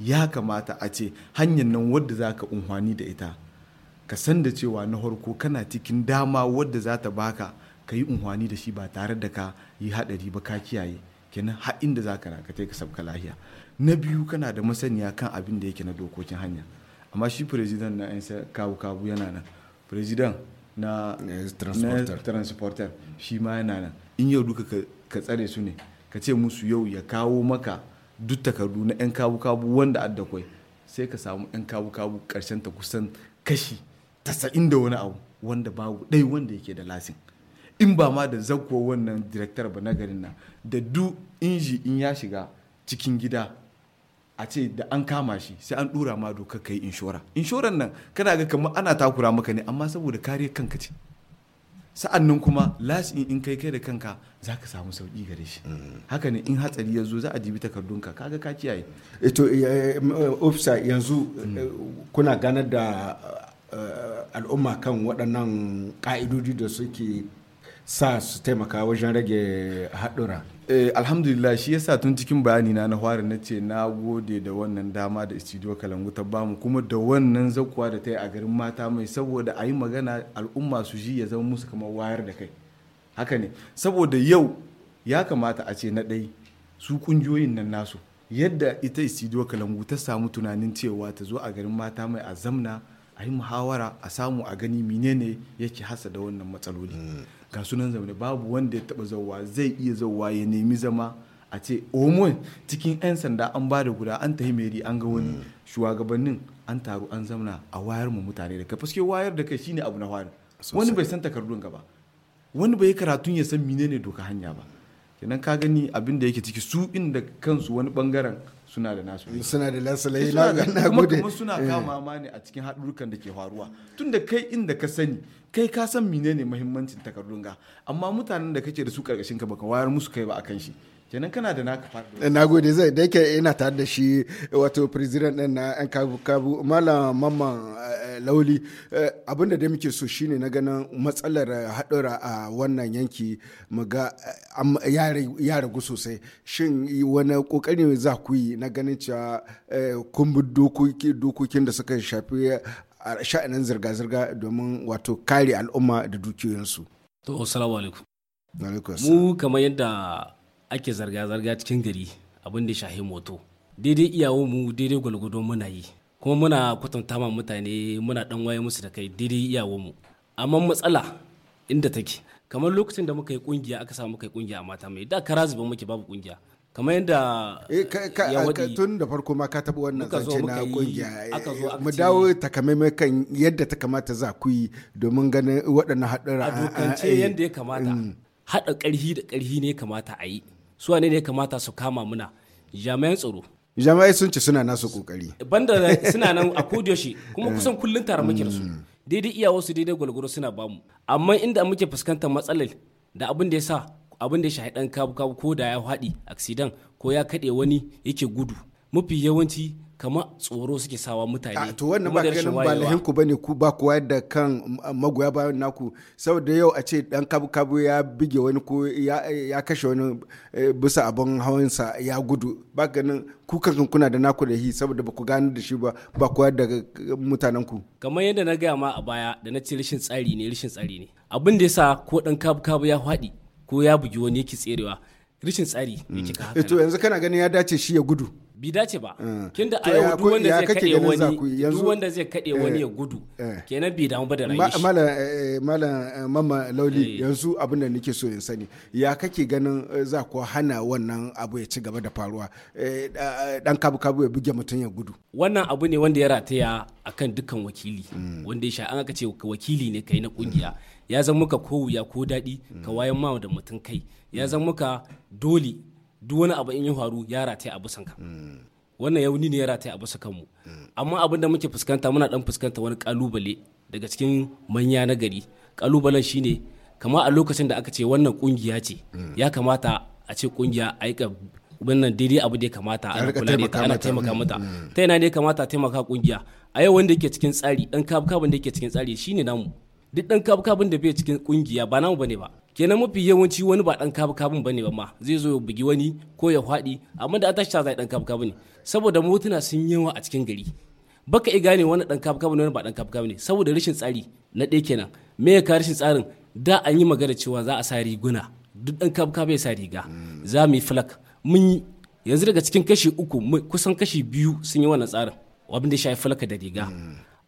ya kamata a ce hanyar nan wadda zaka unhwani da ita ka san da cewa na harko kana cikin dama wadda za ta baka ka yi unhwani da shi ba tare da ka yi haɗari ba ka kiyaye kenan har inda za ka ka ka sabka lahiya na biyu kana da masaniya kan abin da yake na dokokin hanya amma shi firizidan na yan kabu kabu yana nan firizidan na transporter shi ma yana nan in yau duka ka tsare su ne ka ce musu yau ya kawo maka duk takardu na 'yan kabu-kabu wanda adda kwai sai ka samu 'yan kabu-kabu karshen ta kusan kashi tasa'in da wani abu wanda babu ɗai wanda yake da lasin in ba ma da zakko wannan direktar ba na garin nan da du inji in ya shiga cikin gida a ce da an kama shi sai an dura ma doka kai inshora inshoran nan kana ga kamar ana takura maka ne amma saboda kariyar kanka ce sa'an kuma lasin in kai kai da kanka za ka samu sauki gare shi mm. haka ne in hatsari ya zo za a jibi takardunka kaga ka kiyaye eh, to eh, eh, ofisa yanzu mm. kuna ganar da al'umma kan waɗannan ka'idodi da suke sa su taimaka wajen rage haɗura eh, alhamdulillah shi yasa tun cikin bayani na na fara na ce na gode da wannan dama da studio kalangu ta bamu kuma da wannan zakuwa da ta yi a garin mata mai saboda a yi magana al'umma su ji ya zama musu kamar wayar da kai haka ne saboda yau ya kamata a ce na ɗai su kungiyoyin nan nasu yadda ita studio kalangu ta samu tunanin cewa ta zo a garin mata mai a zamna a yi muhawara a samu a gani menene yake hasa da wannan matsaloli mm. ga sunan zaune babu wanda ya taba zauwa zai iya zauwa ya nemi zama a ce omen cikin 'yan sanda an ba da guda an tahi meri an ga wani mm. shugabannin an taru an zamna a wayar mu mutane da kafaske wayar da kai shine abu na fari wani bai san takardun ba wani bai karatun ya san menene doka hanya ba kenan ka gani abin da yake ciki su inda kansu wani bangaren suna da nasu suna da nasu lai eh, na gode kuma suna eh. kama ma ne a cikin haɗurkan da ke faruwa tun da kai inda ka sani kai ka san menene muhimmancin takardun ga amma mutanen da kake da su karkashin ka baka wayar musu kai ba akan shi kenan kana da naka faɗo eh, na gode zai da yake ina ta da shi wato president din na yan kabu kabu malam mamman eh, lauli eh, abinda da muke so shine na ganin matsalar haɗura a wannan yanki mu ga ya ragu sosai shin wani kokari za ku yi na ganin cewa kun bi dokokin da suka shafi sha'anin zirga-zirga domin wato kare al'umma da dukiyoyinsu to assalamu alaikum mu kamar yadda ake zarga-zarga cikin gari abin da shahi moto daidai iyawo mu daidai gwalgwado muna yi kuma muna kwatanta ma mutane muna dan waye musu da kai daidai iyawo mu amma matsala inda take kamar lokacin da muka yi kungiya aka samu muka yi kungiya a mata mai da kara zuba muke babu kungiya kamar yadda eh, ya wadi tun da farko ma ka taɓa wannan zance na kungiya eh, mu dawo takamaimai kan yadda ta kamata za ku yi domin ganin waɗannan haɗura a dokance eh, yadda ya kamata mm. haɗa ƙarfi da ƙarfi ne kamata a yi su ne ya kamata su kama muna jami'an tsaro jami'ai sun ce suna nasu kokari banda suna nan a kodiyoshi kuma kusan kullun tare muke da su mm. daidai iya wasu daidai gwalgwaro suna bamu amma inda muke fuskantar matsalar da abin da ya sa abin da ya shahi dan kabu kabu ko da ya haɗi aksidan ko ya kaɗe wani yake gudu mafi yawanci kama tsoro suke sawa mutane to wannan ba ganin ba lahin ku bane ku ba kowa da kan magoya bayan naku saboda yau a ce dan kabu kabu ya bige wani ko ya kashe wani eh, bisa abin sa ya gudu ba ganin ku kankan kuna da naku da hi saboda ba ku gane da shi ba ba kowa da mutanen ku kamar yadda na gaya ma a baya da na ce rashin tsari ne rashin tsari ne abin da yasa ko dan kabu kabu ya fadi ko ya bugi wani yake tserewa rashin tsari ne kika haka eh, to yanzu kana ganin ya dace shi ya gudu bi dace ba kin da ayo duk wanda zai kade wani eh. duk wanda zai kade wani ya gudu eh. kenan bi damu ba da rayuwa shi malam eh, malam mamma lauli yanzu abin da nake so in sani ya kake ganin za ku hana wannan abu ya ci gaba da faruwa dan kabu kabu ya buge mutum ya gudu wannan abu ne wanda ya rataya akan dukkan wakili hmm. wanda ya sha an aka ce wakili ne kai na kungiya ya zan muka ko wuya ko daɗi ka wayan ma da mutum kai ya zan muka dole duk wani abu in ya faru ya rataya a bisan ka wannan yauni ne ya rataya a busakan kanmu amma abin da muke fuskanta muna dan fuskanta wani kalubale daga cikin manya na gari kalubalen shine kama a lokacin da aka ce wannan kungiya ce ya kamata a ce kungiya a yaka wannan daidai abu da ya kamata a kula da ana taimaka mata mm. ta yana ne kamata taimaka kungiya a yau wanda yake cikin tsari dan kabkabin da yake cikin tsari shine namu duk dan kabkabin da bai cikin kungiya ba namu bane ba kenan mafi yawanci wani ba dan kabu kabun bane ba ma zai zo ya bugi wani ko ya fadi amma da atashi ta zai dan kabu kabu ne saboda motuna sun yawa a cikin gari baka i gane wani dan kabu kabu ne wani ba dan kabu kabu ne saboda rashin tsari na ɗaya kenan me ya ka rashin tsarin da an yi magana cewa za a sa riguna duk dan kabu kabu ya sa riga za mu yi flak mun yi yanzu daga cikin kashi uku kusan kashi biyu sun yi wannan tsarin abin da ya shafi flaka da riga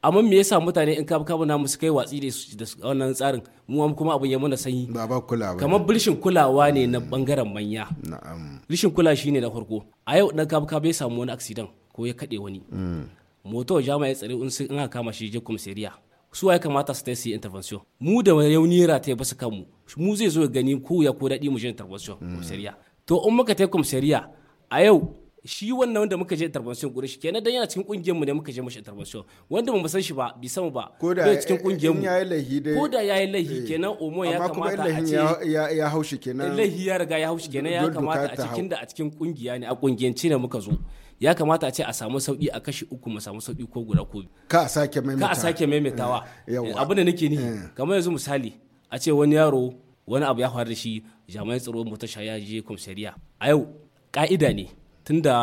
amma me yasa mutane in kaba na namu su kai watsi da wannan tsarin mu kuma abun ya mana sanyi ba ba kulawa kamar bilishin kulawa ne na bangaren manya na'am rishin kula shine na farko a yau dan kaba kaba ya samu wani accident ko ya kade wani mm. moto jama'a ya tsare in sun kama shi je komisariya su ya kamata su taisi intervention mu da yaunira ta ba su kanmu mu zai zo gani ko ya ko daɗi mu je intervention komisariya mm. to in muka tai komisariya a yau shi wannan wanda muka je intervention gure shi kenan dan yana cikin kungiyar mu ne muka je mashi intervention wanda mu san shi ba bi san ba ko da cikin kungiyar mu ko da yayi lahi eh. kenan omo ya kamata a ce ya haushi kenan lahi ya riga ya haushi kenan ya kamata a cikin da a cikin kungiya ne a kungiyanci ne muka zo ya kamata a ce a samu sauki a kashi uku mu samu sauki ko guda ko ka a sake maimaitawa ka eh, a sake eh, maimaitawa abin da nake ni kamar yanzu misali a ce wani yaro wani abu ya faru da shi jami'an tsaro mu ta shaya je komisariya a yau ka'ida ne tun da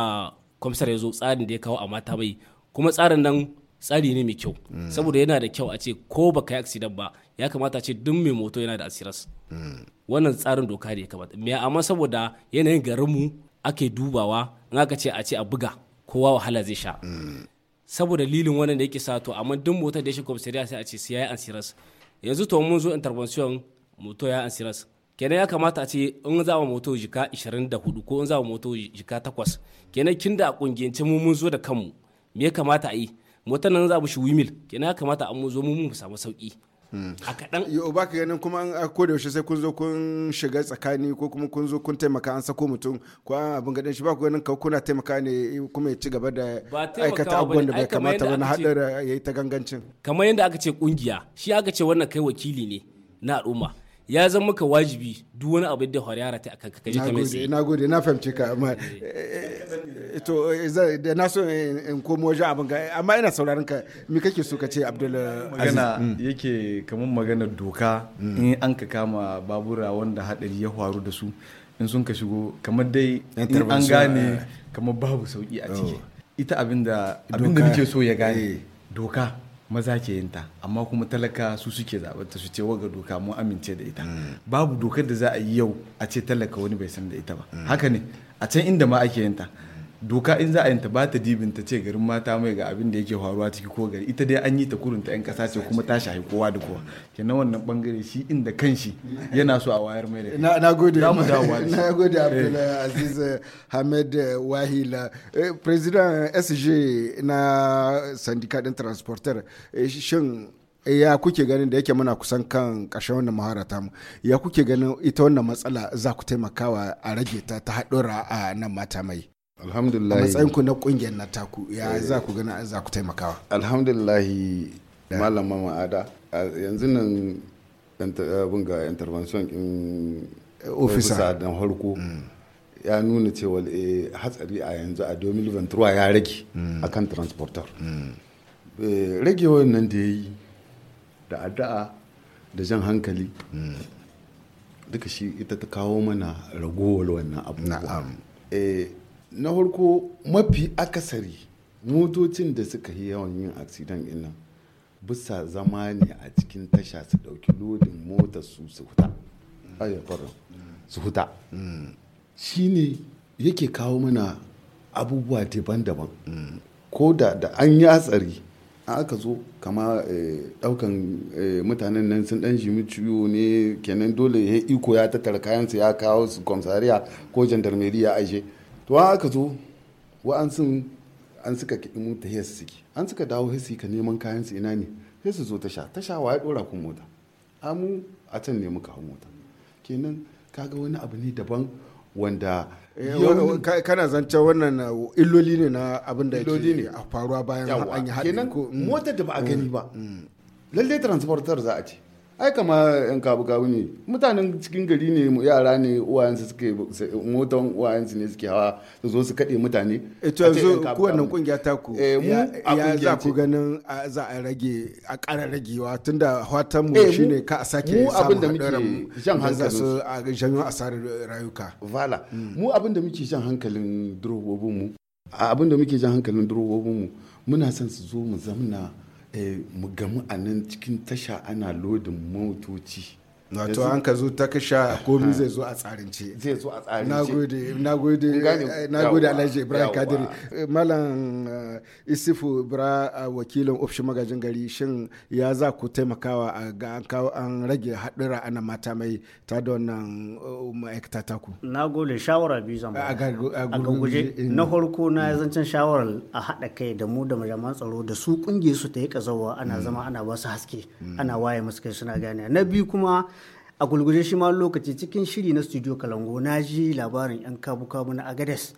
kwamsar ya zo tsarin da ya kawo a mata bai kuma tsarin nan tsari ne mai kyau mm. saboda yana da kyau a ce ko baka yi aksidan ba ya kamata ce duk mai moto yana da asiras mm. wannan tsarin doka ne ya kamata me amma saboda yanayin garinmu ake dubawa in aka ce a ce a buga kowa wahala zai sha mm. saboda lilin wannan da yake sa to amma duk motar da ya shi kwamsariya sai a ce sai ya yi asiras yanzu to mun zo intervention moto ya yi asiras kenan ya kamata a ce in za mu moto jika 24 ko in za mu moto jika 8 kenan kin da a kungiyance mu mun zo da kanmu me ya kamata a yi motar nan za mu shi wimil kenan ya kamata an mu zo mu mu samu sauki hmm. a kaɗan yau ba ka ganin kuma an ko da yaushe sai kun zo kun shiga tsakani ko kuma kun zo kun taimaka an sako mutum ko an abin gaɗin shi ba ku ganin ka kuna taimaka ne kuma ya ci gaba da aikata abubuwan da bai kamata ba na haɗar ya yi ta gangancin kamar yadda aka ce kungiya shi aka ce wannan kai wakili ne na al'umma ya zama maka wajibi duk wani abu da hore ta akan ka kaje ka mai na gode na fahimci ka amma eh. Eh, eh, to da na so in komo wajen abin ga amma ina sauraron ka me kake so ka ce Abdul magana mm. yake kamar magana doka mm. in an ka kama babura wanda hadari ya faru da su in sun ka shigo kamar dai an gane kamar babu sauki a ciki oh. ita abin da abin da nake so ya gane doka maza ke yin ta amma kuma talaka su suke zaɓarta su ce waga doka mun amince da ita hmm. babu dokar da za a yi yau a ce talaka wani bai san da ita ba hmm. haka ne a can inda ma ake yin ta doka in za a yanta ba ta dibin ta ce garin mata mai ga abin da yake faruwa ciki ko gari ita dai an yi ta kurunta yan kasa ce kuma ta shahi kowa da kowa kenan wannan bangare shi inda kanshi yana so a wayar mai da na na gode na gode eh. Abdullahi Aziz Hamed eh, eh, Wahila president SG na sandika din transporter shin ya kuke ganin da yake muna kusan kan ƙarshen wannan mahara mu ya kuke ganin ita wannan matsala za ku taimakawa a rage ta ta haɗura a nan mata mai alhamdulillah matsayin ku na kungiyar na taku ya eh. za ku gana za ku taimakawa alhamdulillah malama ma'ada yanzu nan abin ga intervention in ofisa da harko mm. ya nuna cewa eh, hatsari a yanzu a 2023 ya rage mm. a kan transporter mm. eh, rage wannan da ya yi da addu'a da jan hankali duka shi ita ta kawo mana ragowar wannan abubuwa na farko mafi akasari motocin da suka yi yawan yin aksidan ina bisa zama ne a cikin tasha su ɗauki lodin motar su su huta su huta shi yake kawo mana abubuwa daban-daban ko da da an yi hatsari aka zo kama daukan eh, eh, mutanen nan sun dan shimi ciwo ne kenan dole ya iko ya tattara kayansa ya kawo su komsariya ko jandarmeri ya aje to aka zo wa an suka kiɗi mu ta hiyar suke an suka dawo hisi ka neman kayan su ina ne sai su zo tasha tasha wa ya dora kun mota amu a can ne muka hau mota kenan kaga wani abu ne daban wanda eh, kana zancen wannan uh, illoli ne na abin da ke faruwa bayan an yi haɗin ko mm. mota da ba a mm. gani ba mm. lallai transportar za a ce ai kama yan kabu kabu ne mutanen cikin gari ne yara ne uwayensu suke motan uwayensu ne suke hawa su zo su kaɗe mutane eh, a to yanzu kabu kungiya ta ku eh, ya za ku ganin za a rage a ƙara ragewa tun da fatan eh, mu shi ne ka a sake samun hadarin jan hankalin a janyo asarar rayuka vala mm. mu abin da muke jan hankalin durobobin mu abin da muke jan hankalin durobobin mu muna son su zo mu zamna Eh, mu gamu a nan cikin tasha ana lodin motoci wato an ka zo ta kasha komi zai zo a tsarince zai zo a tsarince nagode eh, Alhaji Ibrahim Kadiri eh, malam eh, Isifu Ibra wakilin ofishin magajin gari shin ya za ku taimakawa ga an kawo an rage haɗura ana mata mai ta da wannan ma'aikata na gode shawara biyu zan a gaguje na farko na zancen shawarar a haɗa kai da mu da majaman tsaro da su kungiyar su ta yi kazawa ana hmm. zama ana ba su haske hmm. ana waye musu kai suna gane na biyu kuma a gulguje shi ma lokaci cikin shiri na studio kalango na ji labarin yan kabu kabu na agades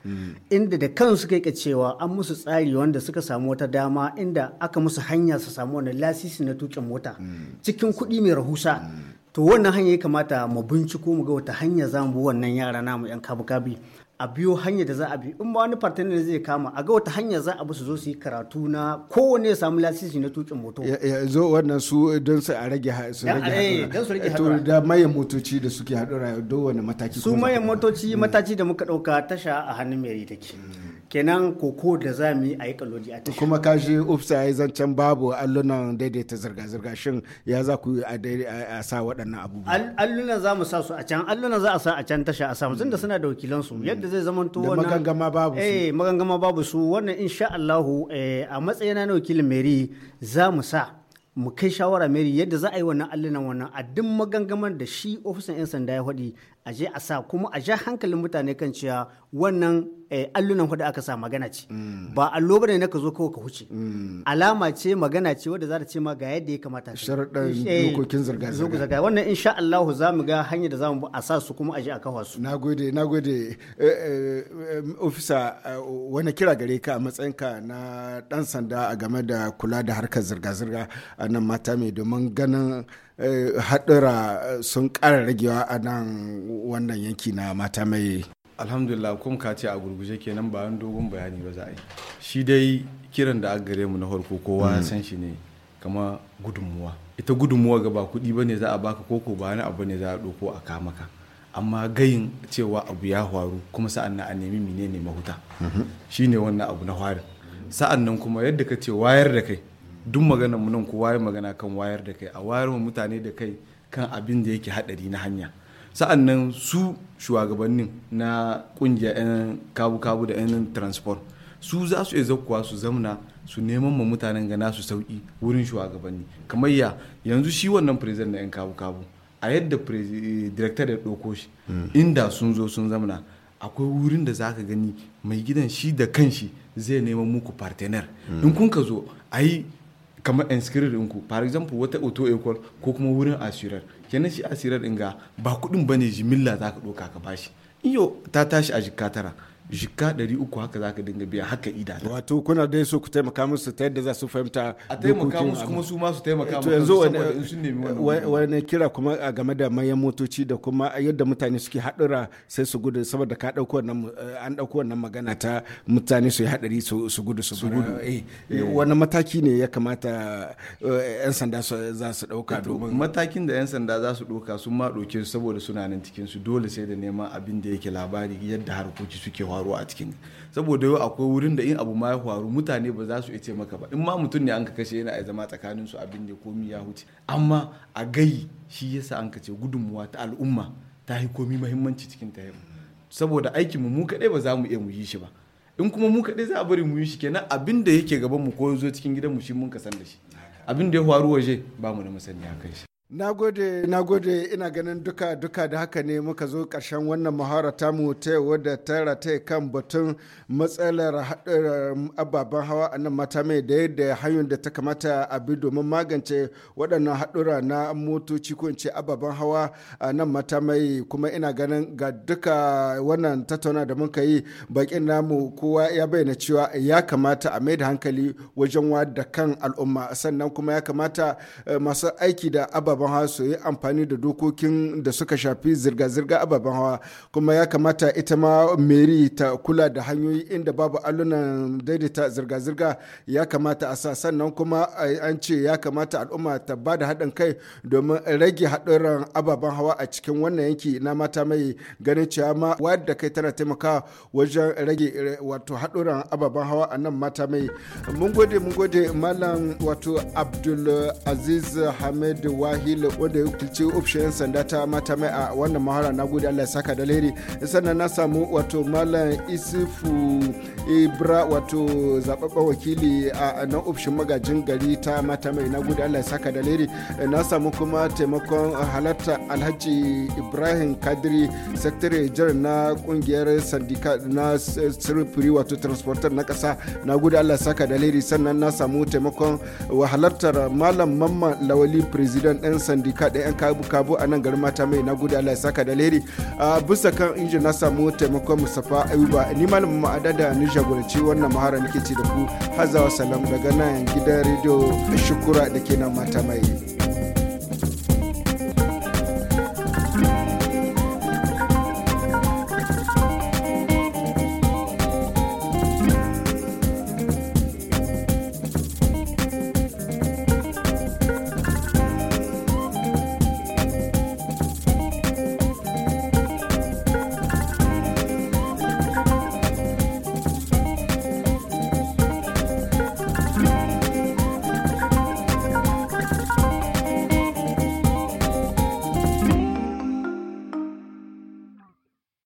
inda da kansu yi cewa an musu tsari wanda suka samu wata dama inda aka musu hanya su samu wani lasisi na tuƙin mota cikin kuɗi mai rahusa to wannan hanya ya kamata mu binciko mu ga wata hanya za mu wannan yara namu yan kabu kabi a biyo hanyar da za a bi in ba wani partner zai kama a ga wata hanya za a bi su zo su yi karatu na kowane ya samu lasisi na tukin moto ya zo wannan su eh, don su a rage eh, su rage eh, to da mayan motoci da suke haɗura don wani mataki su mayan motoci mm. mataki da muka ɗauka tasha a hannun mai take mm. kenan koko da za mu yi a yi kaloli a kuma kuma kashi ufsa ya yi zancen babu allunan daidaita zirga-zirga shin ya za ku a sa waɗannan abubuwa allunan za mu sa su a can allunan za a sa a can tasha a samu tunda suna da wakilansu mm. yadda zai zama to wannan magangama babu su eh magangama babu su wannan insha Allahu eh, a matsayina na wakilin meri za mu sa mu kai shawara meri yadda za a yi wannan allunan wannan a duk magangaman da shi ofisin 'yan sanda ya faɗi a je a sa kuma a ja hankalin mutane kan cewa wannan eh, allunan hudu aka sa magana ce mm. ba allo ba ne na ka zo kawai ka huce mm. alama ce magana ce wadda za ta ce ma ga yadda ya kamata sharaɗin eh, dokokin zirga-zirga wannan insha Allah za mu ga hanyar da za mu a sa su kuma a je a kawo su nagode nagode eh, ofisa wani kira gare ka a ka na dan sanda a game da kula da harkar zirga-zirga a nan mata mai domin ganin Eh, haɗura sun ƙara ragewa a nan wannan yanki na mata mai alhamdulillah kuma ka ce a gurguje kenan bayan dogon bayani ba za a yi shi dai kiran da a gare mu na farko kowa ya hmm. san shi ne kama gudunmuwa ita gudunmuwa ga ba kuɗi ba ne za a baka koko ba wani abu ne za a ɗauko a kama ka amma gayin cewa abu ya faru kuma sa'an nan a nemi menene mahuta mhm. shine wannan abu na fari sa'an nan kuma yadda ka ce wayar da kai duk maganar mu nan kowa ya magana kan wayar da kai a wayar wa mutane da kai kan abin da yake haɗari na hanya sa'an nan su shugabannin na ƙungiyar 'yan kabu-kabu da 'yan transport su za su iya zakkuwa su zamna su neman ma mutanen ga nasu sauki wurin shugabanni kamar ya yanzu shi wannan president na 'yan kabu-kabu a yadda director da doko shi mm. inda sun zo sun zamna akwai wurin da zaka gani mai gidan shi da kanshi zai neman muku partner mm. in kun ka zo ayi. kamar inscrire ɗinku par exemple wata auto equal ko kuma wurin asirar kenan shi asirar ɗin ga ba kudin bane jimilla za ka ɗauka ka bashi iyo ta tashi a jikka tara jika 300 haka za ka dinga biya haka idana. wato kuna dai so ku taimaka musu ta yadda za su fahimta a taimaka musu kuma su ma su taimaka musu yanzu wani kira kuma a game da manyan motoci da kuma yadda mutane suke haɗura sai su gudu saboda ka ɗauko wannan eh, an ɗauko wannan magana ta mutane su yi haɗari su gudu su gudu eh, eh. wani mataki ne ya kamata yan sanda za su ɗauka domin matakin da yan sanda za su ɗauka sun ma ɗauke saboda suna nan cikin su dole sai da neman abin da yake labari yadda harkoki suke wa faruwa a cikin saboda yau akwai wurin da in abu ma ya faru mutane ba za su iya maka ba in ma mutum ne an ka kashe yana zama tsakanin su abin da komi ya huce amma a gayi shi yasa an ka ce gudunmuwa ta al'umma ta yi komi muhimmanci cikin ta yau saboda aikin mu mu kadai ba za mu iya mu yi shi ba in kuma mu kadai za a bari mu yi shi kenan abin da yake gaban mu ko zo cikin gidan mu shi mun ka san da shi abin da ya faru waje ba mu da masaniya kai shi Na gode, ina ganin duka duka da haka ne muka zo ƙarshen wannan muhara ta mu ta wadda ta rata kan batun matsalar ababen hawa a nan mata mai da yadda hanyar da ta kamata a bi domin magance waɗannan haɗura na motoci ko ce ababen hawa a nan mata mai kuma ina ganin ga duka wannan tattauna da muka yi bakin namu kowa ya bayyana cewa ya kamata a mai da hankali wajen wada kan al'umma sannan kuma ya kamata eh, masu aiki da ababen ababen hawa su yi amfani da dokokin da suka shafi zirga-zirga ababen hawa kuma ya kamata ita ma meri ta kula da hanyoyi inda babu allunan daidaita zirga-zirga ya kamata a sa sannan kuma an ce ya kamata al'umma ta ba da haɗin kai domin rage haɗuran ababen hawa a cikin wannan yanki na mata mai ganin cewa ma wadda kai tana taimakawa wajen rage eh, wato haɗuran ababen hawa a nan mata mai mun gode mun gode malam wato abdul aziz hamed wahi Hilo wanda ya wakilci ofishin 'yan sanda ta mata mai a wannan mahara na gode Allah ya saka da lairi sannan na samu wato Malam Isifu Ibra wato zababba wakili a nan ofishin magajin gari ta mata mai na gode Allah ya saka da lairi na samu kuma taimakon halatta Alhaji Ibrahim Kadiri Secretary jar na kungiyar sandika na sirfiri wato transporter na kasa na gode Allah ya saka da lairi sannan na samu taimakon halartar Malam Mamman Lawali President ɗin shugaban sandika da 'yan kabu-kabu a nan garin mata mai na gudu Allah ya saka da leri bisa kan injin na samu taimakon musafa Ayuba ni malamin ma'ada da ni jagoranci wannan mahara nake ci da ku hazawa salam daga nan gidan rediyo Shukura da ke nan mata mai.